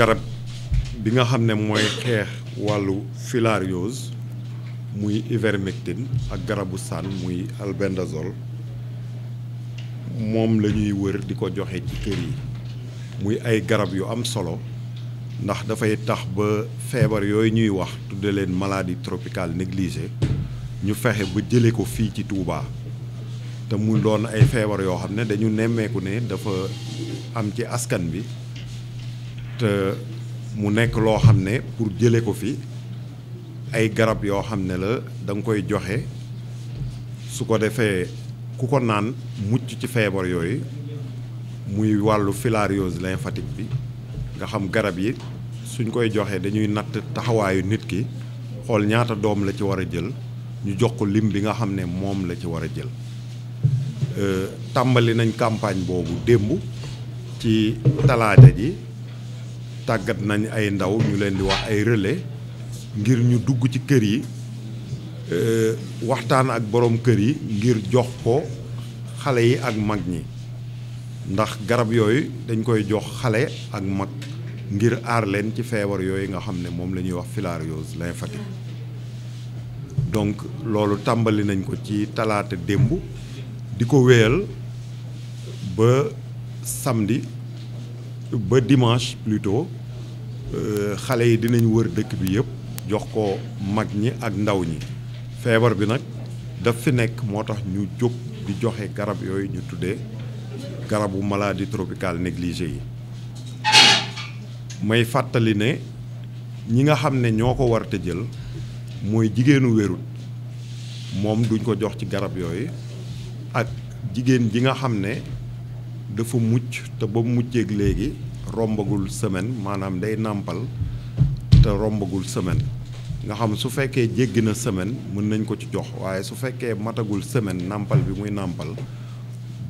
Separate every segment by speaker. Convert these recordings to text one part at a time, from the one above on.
Speaker 1: garab bi nga xam ne mooy xeex wàllu filariose muy ivermectine ak garabu saan muy albendazole moom la ñuy wër di ko joxe ci kër yi muy ay garab yu am solo ndax dafay tax ba feebar yooyu ñuy wax tudde leen maladie tropicale négligée ñu fexe ba jëlee ko fii ci tuubaa te mu doon ay feebar yoo xam ne dañu nemmeeku ne dafa am ci askan bi mu nekk loo xam ne pour jële ko fi ay garab yoo xam ne la danga koy joxe su ko defee ku ko naan mucc ci feebar yooyu muy wàllu filariose lymphatique bi nga xam garab yi suñ koy joxe dañuy natt taxawaayu nit ki xool ñaata doom la ci war a jël ñu jox ko lim bi nga xam ne moom la ci war a jël euh, tàmbali nañ campagne boobu démb ci talaata ji tàggat nañ ay ndaw ñu leen di wax ay rële ngir ñu dugg ci kër yi euh, waxtaan ak boroom kër yi ngir jox ko xale yi ak mag ñi ndax garab yooyu dañ koy jox xale ak mag ngir aar leen ci feebar yooyu nga xam ne moom lañuy wax wax filariose lymphatique donc loolu tàmbali nañ ko ci talaata démb di ko wéyal ba samedi ba dimanche plutôt Euh, xale yi dinañu wër dëkk bi yëpp jox ko mag ñi ak ndaw ñi feebar bi nag daf fi nekk moo tax ñu jóg di joxe garab yooyu ñu tuddee garabu malaadi tropicale négligée yi may fàttali ne ñi nga xam ne ñoo ko war te jël mooy jigéenu wérut moom duñ ko jox ci garab yooyu ak jigéen ji nga xam ne dafa mucc te ba mucceeg léegi rombagul semaine maanaam day nàmpal te rombagul semaine nga xam su fekkee jéggi na semaine mën nañ ko ci jox waaye su fekkee matagul semaine nàmpal bi muy nàmpal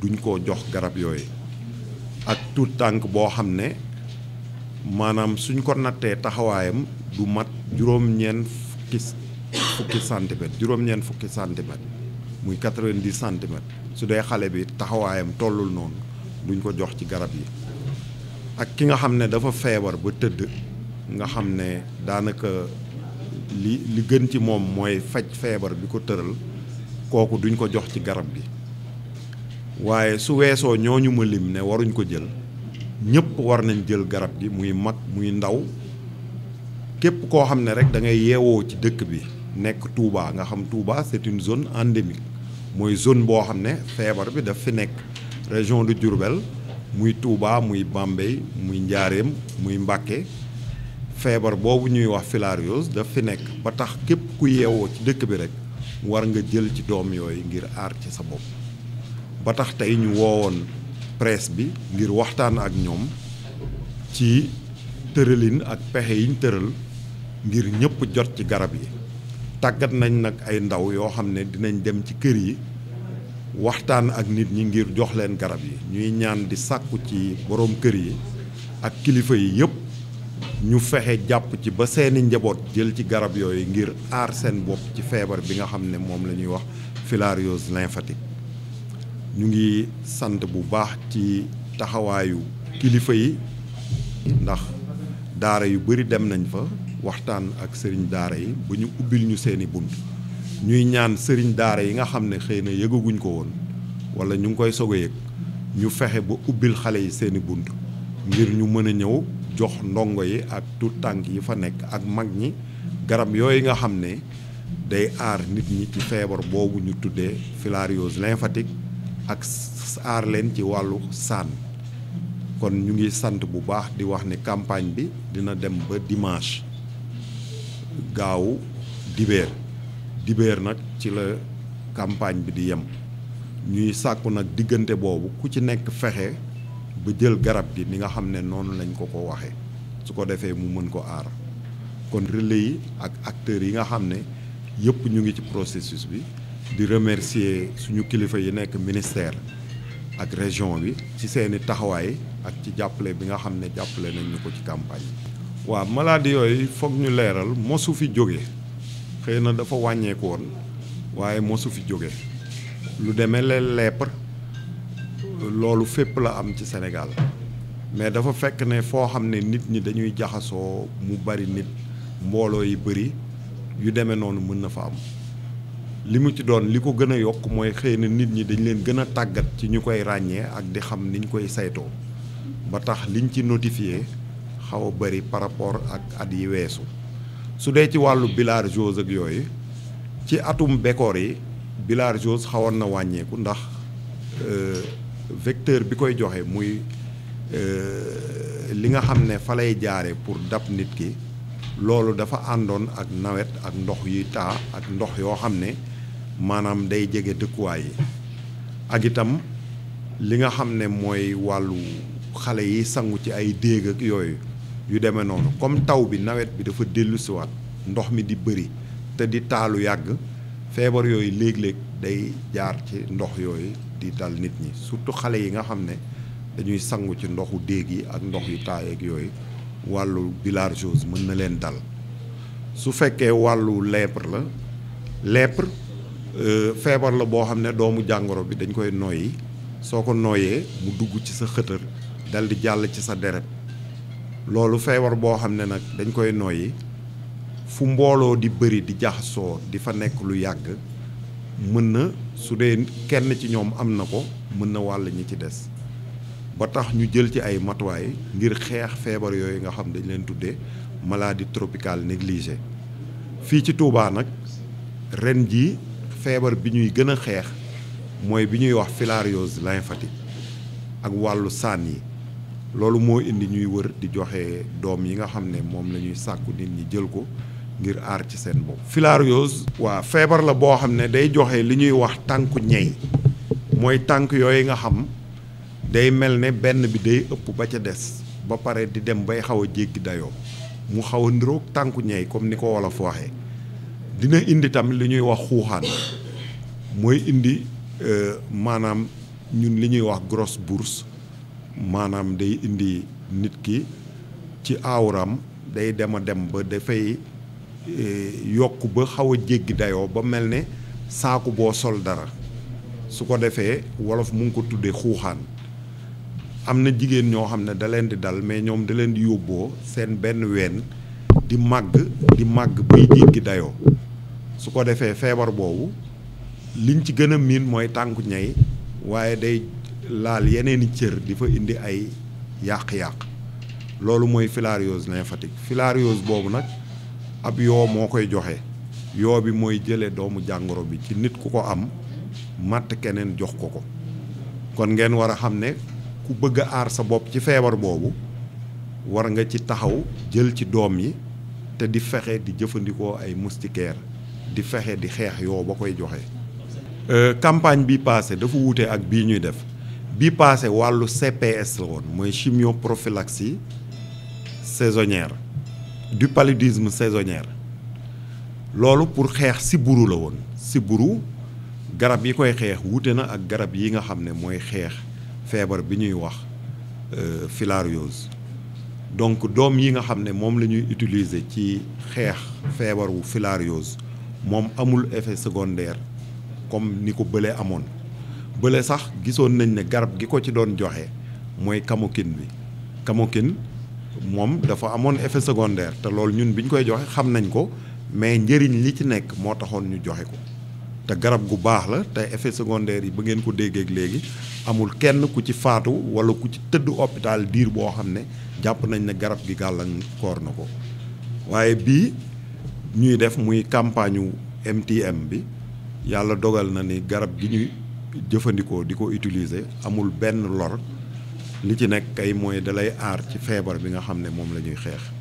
Speaker 1: duñ ko jox garab yooyu ak tuut tànk boo xam ne maanaam suñ ko nattee taxawaayam du mat juróom-ñeent fukki fukki centimètres muy quatre di dix centimètres su dee xale bi taxawaayam tollul noonu duñ ko jox ci garab yi ak ki nga xam ne dafa feebar ba tëdd nga xam ne daanaka li li gën ci moom mooy faj feebar bi ko tëral kooku duñ ko jox ci garab gi waaye su weesoo ñu ma lim ne waruñ ko jël ñëpp war nañ jël garab gi muy mag muy ndaw képp koo xam ne rek da ngay yeewoo ci dëkk bi nekk Touba nga xam Touba c'est une zone endémique mooy zone boo xam ne feebar bi daf fi nekk région de Diourbel muy tuubaa muy Bambey muy Njaareem muy Mbàkke feebar boobu ñuy wax filariose daf fi nekk ba tax képp ku yeewoo ci dëkk bi rek war nga jël ci doom yooyu ngir aar ci sa bopp ba tax tey ñu woowoon presse bi ngir waxtaan ak ñoom ci tëralin ak pexe yiñ tëral ngir ñëpp jot ci garab yi tàggat nañ nag ay ndaw yoo xam ne dinañ dem ci kër yi waxtaan ak nit ñi ngir jox leen garab yi ñuy ñaan di sàkku ci boroom kër yi ak kilifa yi yépp ñu fexe jàpp ci ba seeni njaboot jël ci garab yooyu ngir aar seen bopp ci feebar bi nga xam ne moom lañuy ñuy wax filariose lymphatique ñu ngi sant bu baax ci taxawaayu kilifa yi ndax daara yu bari dem nañ fa waxtaan ak sëriñ daara yi ba ñu ubbil ñu seeni bunt ñuy ñaan sëriñ daara yi nga xam ne xëy na yëgaguñ ko woon wala ñu ngi koy soog a yëg ñu fexe ba ubbil xale yi seeni bunt ngir ñu mën a ñëw jox ndongo yi ak tout tànk yi fa nekk ak mag ñi garab yooyu nga xam ne day aar nit ñi ci feebar boobu ñu tuddee filariose lymphatique ak aar leen ci wàllu saan kon ñu ngi sant bu baax di wax ni campagne bi dina dem ba dimanche gaaw dibéer dibéer nag ci la campagne bi di yem ñuy sàkku nag diggante boobu ku ci nekk fexe ba jël garab gi ni nga xam ne noonu lañ ko ko waxee su ko defee mu mën ko aar kon relais yi ak acteurs yi nga xam ne yëpp ñu ngi ci processus bi di remercier suñu kilifa yi nekk ministère ak région bi ci seeni taxawaay ak ci jàppale bi nga xam ne jàppale nañ ñu ko ci campagne waaw maladie yooyu foog ñu leeral mosu fi jóge xëy na dafa wàññeeku woon waaye mosu fi jóge lu demee leen lèpre loolu fépp la am ci Sénégal mais dafa fekk ne foo xam ne nit ñi dañuy jaxasoo mu bari nit mbooloo yi bari yu demee noonu mën na fa am li mu ci doon li ko gën a yokk mooy xëy na nit ñi dañ leen gën a tàggat ci ñu koy ràññee ak di xam niñ koy saytoo ba tax liñ ci notifié xaw a bari par rapport ak at yi weesu su dee ci wàllu bilharziose ak yooyu ci atum bekkoor yi bilharziose xawoon na wàññeeku ndax euh, vecteur bi koy joxe muy euh, li nga xam ne fa lay jaare pour dab nit ki loolu dafa àndoon ak nawet ak ndox yuy taa ak ndox yoo xam ne maanaam day jege dëkkuwaay yi ak itam li nga xam ne mooy wàllu xale yi sangu ci ay déeg ak yooyu yu demee noonu comme taw bi nawet bi dafa dellusiwaat ndox mi di bëri te di taalu yàgg feebar yooyu léeg-léeg day jaar ci ndox yooyu di dal nit ñi surtout xale yi nga xam ne dañuy sangu ci ndoxu déeg yi ak ndox yu taayeeg yooyu wàllu bilharziose mën na leen dal su fekkee wàllu lèpre la lèpre euh, feebar la boo xam ne doomu jàngoro bi dañ koy noyyi soo ko nooyee mu dugg ci sa xëtër dal di jàll ci sa deret loolu feebar boo xam ne nag dañ koy noyyi fu mbooloo di bëri di jaxasoo di fa nekk lu yàgg mën na su dee kenn ci ñoom am na ko mën na wàll ñi ci des ba tax ñu jël ci ay matuwaay ngir xeex feebar yooyu nga xam dañ leen tuddee maladie tropicale négligée fii ci Touba nag ren jii feebar bi ñuy gën a xeex mooy bi ñuy wax filariose lymphatique ak wàllu saan yi loolu moo indi ñuy wër di joxe doom yi nga xam ne moom la ñuy sàkku nit ñi jël ko ngir aar ci seen bopp. filariose waa feebar la boo xam ne day joxe li ñuy wax tànku ñey mooy tànk yooyu nga xam day mel ne benn bi day ëpp ba ca des ba pare di dem bay xaw a jéggi dayoo mu xaw a niroog tànku ñey comme ni ko wolof waxee dina indi tamit li ñuy wax xuuxaan mooy indi euh, maanaam ñun li ñuy wax grosse bourse. maanaam day indi nit ki ci aawram day dem a dem ba dafay e, yokk ba xaw a jéggi dayoo ba mel ni saaku boo sol dara su ko defee wolof mu ngi ko tuddee xuuxaan am na jigéen ñoo xam ne da leen di dal mais ñoom da leen di yóbboo seen benn ween di màgg di màgg bay jéggi dayoo su ko defee feebar boobu liñ ci gën a miin mooy tànku ñay waaye day laal yeneen cër di fa indi ay yàq-yàq loolu mooy filariose lymphatique filariose boobu nag ab yoo moo koy joxe yoo bi mooy jële doomu jàngoro bi ci nit ku ko am màtt keneen jox ko ko kon ngeen war a xam ne ku bëgg a aar sa bopp ci feebar boobu war nga ci taxaw jël ci doom yi te di fexe di jëfandikoo ay moustiquaire di fexe di xeex yoo ba koy joxe euh, campagne bi passé dafa wuute ak bii ñuy def bi passé wàllu CPS la woon mooy chimioprophylaxie saisonnière du paludisme saisonnière loolu pour xeex sibbiru la woon sibbiru garab yi koy xeex wuute na ak garab yi nga xam ne mooy xeex feebar bi ñuy wax euh, filariose donc doom yi nga xam ne moom la ñuy utiliser ci xeex feebaru filarios moom amul effet secondaire comme ni ko bële amoon bële sax gisoon nañ ne garab gi ko ci doon joxe mooy camokine bi camokine moom dafa amoon effet secondaire te loolu ñun bi ñu koy joxe xam nañ ko mais njëriñ li ci nekk moo taxoon ñu joxe ko te garab gu baax la te effet secondaire yi ba ngeen ko déggeek léegi amul kenn ku ci faatu wala ku ci tëdd hôpital diir boo xam ne jàpp nañ ne garab gi gàllankoor na ko waaye bii ñuy def muy campagne MTM bi yàlla dogal na ni garab gi ñuy jëfandikoo di ko utiliser amul benn lor li ci nekk kay mooy dalay aar ci feebar bi nga xam ne moom la ñuy xeex